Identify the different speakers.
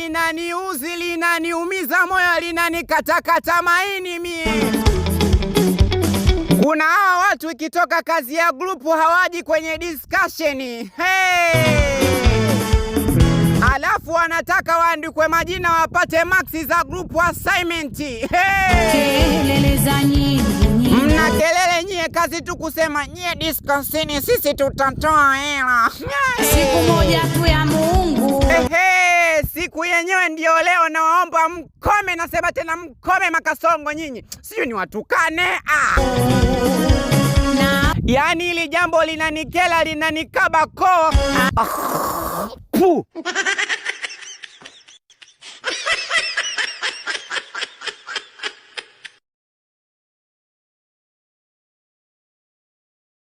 Speaker 1: linaniuzi, linaniumiza moyo, linanikatakata maini mie. Kuna hawa watu ikitoka kazi ya grupu hawaji kwenye discussion hey! Alafu wanataka waandikwe majina wapate maksi za grupu assignment. Hey! mna kelele nyie, kazi tu kusema nyie diskosini, sisi tutatoa hela.
Speaker 2: Hey! siku moja kwe
Speaker 1: siku yenyewe ndio leo, nawaomba mkome, nasema tena mkome makasongo nyinyi, sijui ni watukane ah. Yaani hili jambo linanikela linanikaba koo ah.